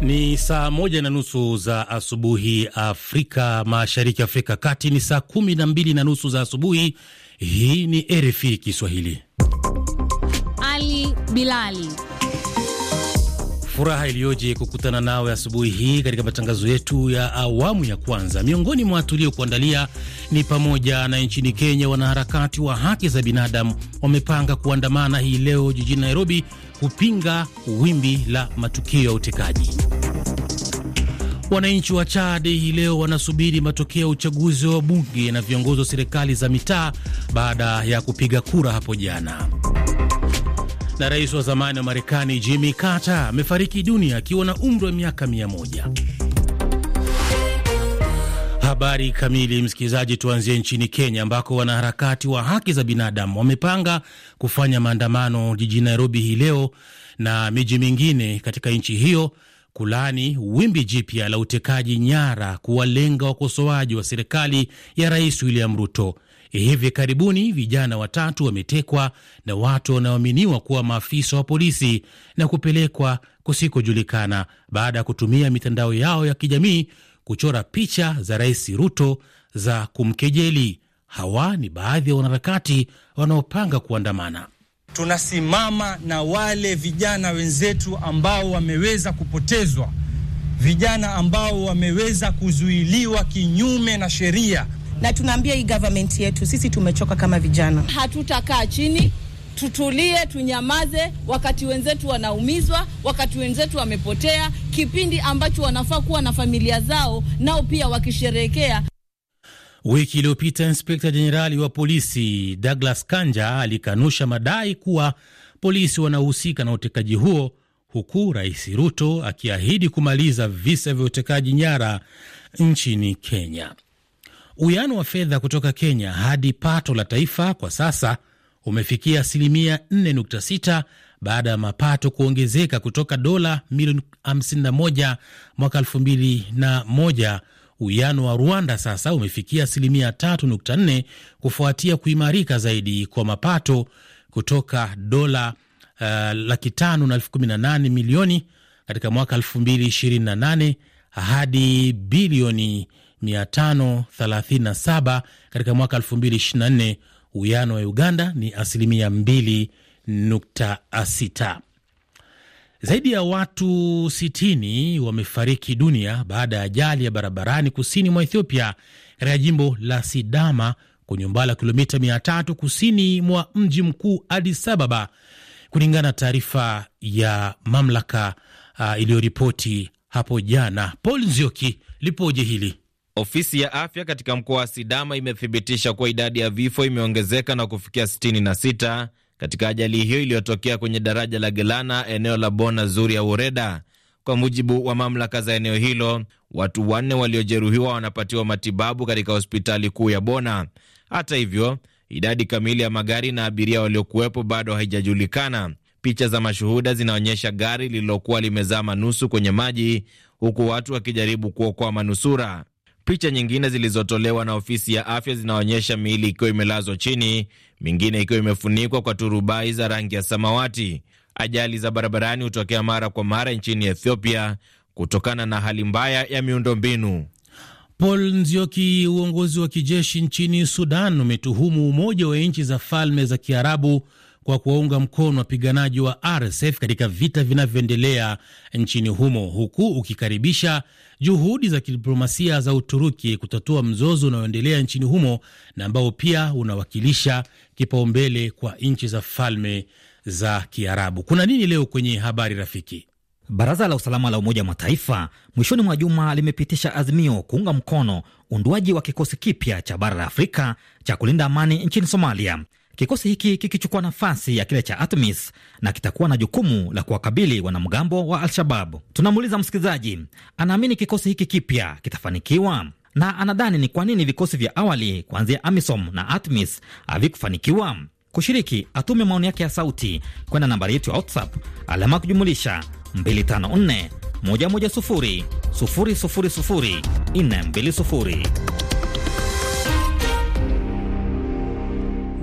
Ni saa moja na nusu za asubuhi Afrika Mashariki, Afrika Kati ni saa kumi na mbili na nusu za asubuhi. Hii ni RFI Kiswahili. Ali Bilali Furaha iliyoje kukutana nawe asubuhi hii katika matangazo yetu ya awamu ya kwanza. Miongoni mwa tuliokuandalia ni pamoja na nchini Kenya, wanaharakati wa haki za binadamu wamepanga kuandamana hii leo jijini Nairobi kupinga wimbi la matukio ya utekaji. Wananchi wa Chad hii leo wanasubiri matokeo ya uchaguzi wa bunge na viongozi wa serikali za mitaa baada ya kupiga kura hapo jana na rais wa zamani wa Marekani Jimmy Carter amefariki dunia akiwa na umri wa miaka mia moja. Habari kamili, msikilizaji. Tuanzie nchini Kenya ambako wanaharakati wa haki za binadamu wamepanga kufanya maandamano jijini Nairobi hii leo na miji mingine katika nchi hiyo kulani wimbi jipya la utekaji nyara kuwalenga wakosoaji wa serikali ya Rais William Ruto. Hivi karibuni vijana watatu wametekwa na watu wanaoaminiwa kuwa maafisa wa polisi na kupelekwa kusikojulikana baada ya kutumia mitandao yao ya kijamii kuchora picha za Rais Ruto za kumkejeli. Hawa ni baadhi ya wanaharakati wanaopanga kuandamana. Tunasimama na wale vijana wenzetu ambao wameweza kupotezwa, vijana ambao wameweza kuzuiliwa kinyume na sheria na tunaambia hii government yetu, sisi tumechoka kama vijana, hatutakaa chini tutulie, tunyamaze wakati wenzetu wanaumizwa, wakati wenzetu wamepotea, kipindi ambacho wanafaa kuwa na familia zao nao pia wakisherehekea. Wiki iliyopita inspekta jenerali wa polisi Douglas Kanja alikanusha madai kuwa polisi wanaohusika na utekaji huo, huku Rais Ruto akiahidi kumaliza visa vya utekaji nyara nchini Kenya. Uwiano wa fedha kutoka Kenya hadi pato la taifa kwa sasa umefikia asilimia 4.6 baada ya mapato kuongezeka kutoka dola milioni 51 mwaka 2001. Uwiano wa Rwanda sasa umefikia asilimia 3.4 kufuatia kuimarika zaidi kwa mapato kutoka dola uh, laki 5 na 18 milioni katika mwaka 2028 hadi bilioni 537 katika mwaka 2024. Uwiano wa Uganda ni asilimia 2.6. Zaidi ya watu 60 wamefariki dunia baada ya ajali ya barabarani kusini mwa Ethiopia katika jimbo la Sidama kwenye umbali wa kilomita 300 kusini mwa mji mkuu Addis Ababa, kulingana na taarifa ya mamlaka uh, iliyoripoti hapo jana. Paul Nzioki lipoje hili Ofisi ya afya katika mkoa wa Sidama imethibitisha kuwa idadi ya vifo imeongezeka na kufikia 66 katika ajali hiyo iliyotokea kwenye daraja la Gelana eneo la Bona Zuri ya Ureda. Kwa mujibu wa mamlaka za eneo hilo, watu wanne waliojeruhiwa wanapatiwa matibabu katika hospitali kuu ya Bona. Hata hivyo, idadi kamili ya magari na abiria waliokuwepo bado haijajulikana. Picha za mashuhuda zinaonyesha gari lililokuwa limezama nusu kwenye maji, huku watu wakijaribu kuokoa manusura. Picha nyingine zilizotolewa na ofisi ya afya zinaonyesha miili ikiwa imelazwa chini, mingine ikiwa imefunikwa kwa turubai za rangi ya samawati. Ajali za barabarani hutokea mara kwa mara nchini Ethiopia kutokana na hali mbaya ya miundombinu. Paul Nzioki. Uongozi wa kijeshi nchini Sudan umetuhumu Umoja wa Nchi za Falme za Kiarabu kwa kuwaunga mkono wapiganaji wa RSF katika vita vinavyoendelea nchini humo, huku ukikaribisha juhudi za kidiplomasia za Uturuki kutatua mzozo unaoendelea nchini humo na ambao pia unawakilisha kipaumbele kwa nchi za Falme za Kiarabu. Kuna nini leo kwenye habari rafiki? Baraza la usalama la Umoja wa Mataifa mwishoni mwa juma limepitisha azimio kuunga mkono unduaji wa kikosi kipya cha bara la Afrika cha kulinda amani nchini Somalia. Kikosi hiki kikichukua nafasi ya kile cha ATMIS na kitakuwa na jukumu la kuwakabili wanamgambo wa Al-Shabab. Tunamuuliza msikilizaji, anaamini kikosi hiki kipya kitafanikiwa na anadhani ni kwa nini vikosi vya awali kuanzia AMISOM na ATMIS havikufanikiwa kushiriki. Atume maoni yake ya sauti kwenda nambari yetu ya WhatsApp alama ya kujumulisha 254 110 000 sufuri.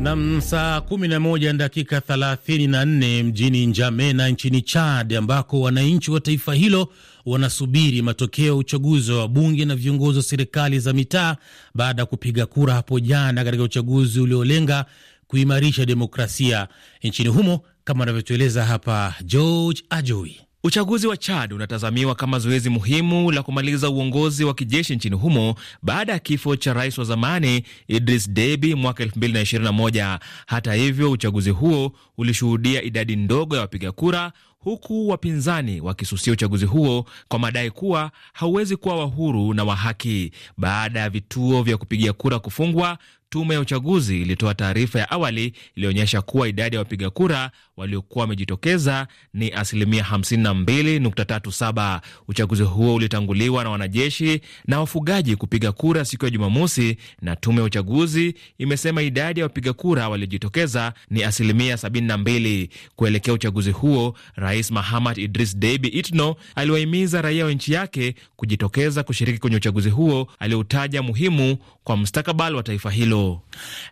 Nam, saa 11 dakika 34 mjini Njamena nchini Chad, ambako wananchi wa taifa hilo wanasubiri matokeo ya uchaguzi wa bunge na viongozi wa serikali za mitaa baada ya kupiga kura hapo jana katika uchaguzi uliolenga kuimarisha demokrasia nchini humo, kama anavyotueleza hapa George Ajoi. Uchaguzi wa Chad unatazamiwa kama zoezi muhimu la kumaliza uongozi wa kijeshi nchini humo baada ya kifo cha rais wa zamani Idris Deby mwaka 2021. Hata hivyo, uchaguzi huo ulishuhudia idadi ndogo ya wapiga kura huku wapinzani wakisusia uchaguzi huo kwa madai kuwa hauwezi kuwa wa huru na wa haki. Baada ya vituo vya kupigia kura kufungwa, Tume ya uchaguzi ilitoa taarifa ya awali iliyoonyesha kuwa idadi ya wapiga kura waliokuwa wamejitokeza ni asilimia 52.37. Uchaguzi huo ulitanguliwa na wanajeshi na wafugaji kupiga kura siku ya Jumamosi, na tume ya uchaguzi imesema idadi ya wapiga kura waliojitokeza ni asilimia 72. Kuelekea uchaguzi huo, Rais Mahamad Idris Deby Itno aliwahimiza raia wa nchi yake kujitokeza kushiriki kwenye uchaguzi huo aliyoutaja muhimu kwa mustakabali wa taifa hilo.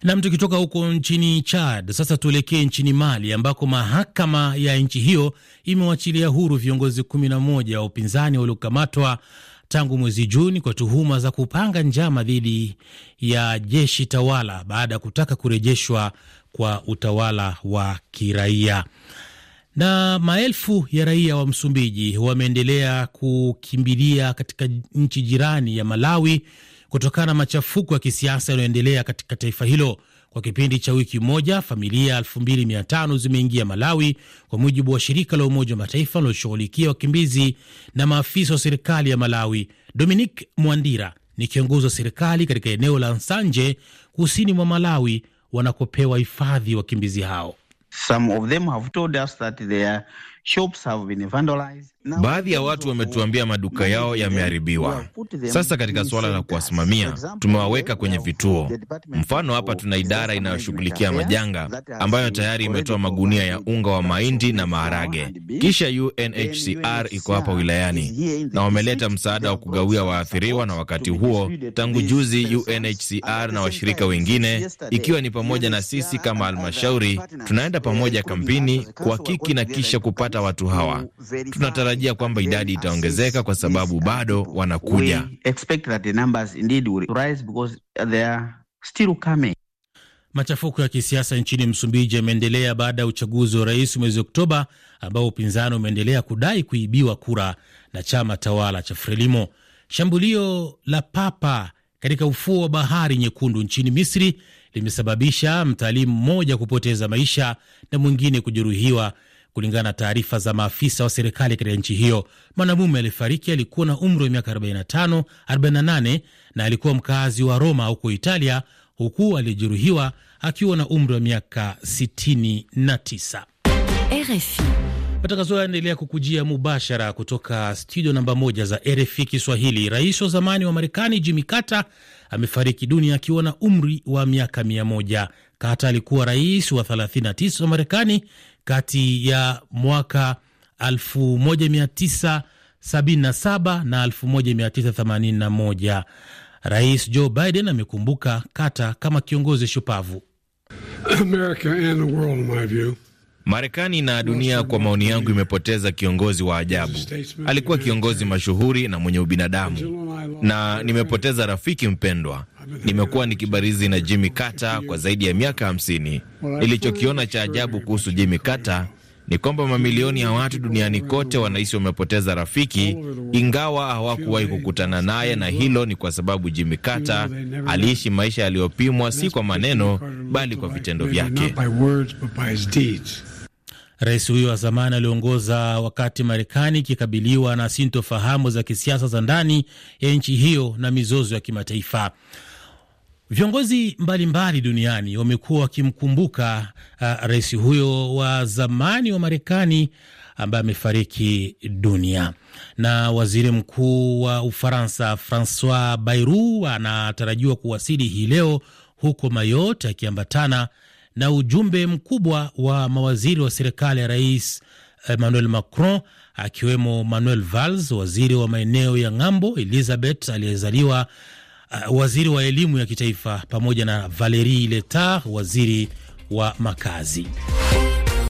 Nam, tukitoka huko nchini Chad sasa tuelekee nchini Mali ambako mahakama ya nchi hiyo imewachilia huru viongozi kumi na moja wa upinzani waliokamatwa tangu mwezi Juni kwa tuhuma za kupanga njama dhidi ya jeshi tawala baada ya kutaka kurejeshwa kwa utawala wa kiraia. Na maelfu ya raia wa Msumbiji wameendelea kukimbilia katika nchi jirani ya Malawi kutokana na machafuko ya kisiasa yanayoendelea katika taifa hilo. Kwa kipindi cha wiki moja, familia 2500 zimeingia Malawi, kwa mujibu wa shirika la Umoja wa Mataifa linaloshughulikia wakimbizi na maafisa wa serikali ya Malawi. Dominic Mwandira ni kiongozi wa serikali katika eneo la Nsanje, kusini mwa Malawi, wanakopewa hifadhi wakimbizi hao. Some of them have told us that their shops have been vandalized. Baadhi ya watu wametuambia maduka yao yameharibiwa. Sasa katika suala la kuwasimamia, tumewaweka kwenye vituo. Mfano, hapa tuna idara inayoshughulikia majanga ambayo tayari imetoa magunia ya unga wa mahindi na maharage. Kisha UNHCR iko hapa wilayani na wameleta msaada wa kugawia waathiriwa, na wakati huo tangu juzi UNHCR na washirika wengine, ikiwa ni pamoja na sisi kama halmashauri, tunaenda pamoja kampini kuhakiki na kisha kupata watu hawa Tunatara tunatarajia kwamba idadi itaongezeka kwa sababu bado wanakuja. Machafuko ya kisiasa nchini Msumbiji yameendelea baada ya uchaguzi wa rais mwezi Oktoba, ambao upinzani umeendelea kudai kuibiwa kura na chama tawala cha Frelimo. Shambulio la papa katika ufuo wa bahari nyekundu nchini Misri limesababisha mtalii mmoja kupoteza maisha na mwingine kujeruhiwa kulingana na taarifa za maafisa wa serikali katika nchi hiyo. Mwanamume alifariki alikuwa na umri wa miaka 45 48 na alikuwa mkaazi wa Roma huko Italia, huku aliyejeruhiwa akiwa na umri wa miaka 69. RFI matangazo yanaendelea kukujia mubashara kutoka studio namba moja za RFI Kiswahili. Rais wa zamani wa Marekani Jimmy Carter amefariki dunia akiwa na umri wa miaka mia moja. Carter alikuwa rais wa 39 wa Marekani kati ya mwaka 1977 na 1981. Rais Joe Biden amekumbuka Carter kama kiongozi shupavu. America and the world, in my view. Marekani na dunia kwa maoni yangu imepoteza kiongozi wa ajabu. Alikuwa kiongozi mashuhuri na mwenye ubinadamu, na nimepoteza rafiki mpendwa. Nimekuwa nikibarizi na Jimmy Carter kwa zaidi ya miaka hamsini. Nilichokiona cha ajabu kuhusu Jimmy Carter ni kwamba mamilioni ya watu duniani kote wanahisi wamepoteza rafiki, ingawa hawakuwahi kukutana naye, na hilo ni kwa sababu Jimmy Carter aliishi maisha yaliyopimwa, si kwa maneno bali kwa vitendo vyake. Rais huyo wa zamani aliongoza wakati Marekani ikikabiliwa na sintofahamu za kisiasa za ndani ya nchi hiyo na mizozo ya kimataifa. Viongozi mbalimbali mbali duniani wamekuwa wakimkumbuka uh, rais huyo wa zamani wa Marekani ambaye amefariki dunia. Na waziri mkuu wa Ufaransa Francois Bayrou anatarajiwa kuwasili hii leo huko Mayotte akiambatana na ujumbe mkubwa wa mawaziri wa serikali ya Rais eh, Emmanuel Macron akiwemo Manuel Valls, waziri wa maeneo ya ng'ambo, Elizabeth aliyezaliwa uh, waziri wa elimu ya kitaifa, pamoja na Valerie Letard, waziri wa makazi.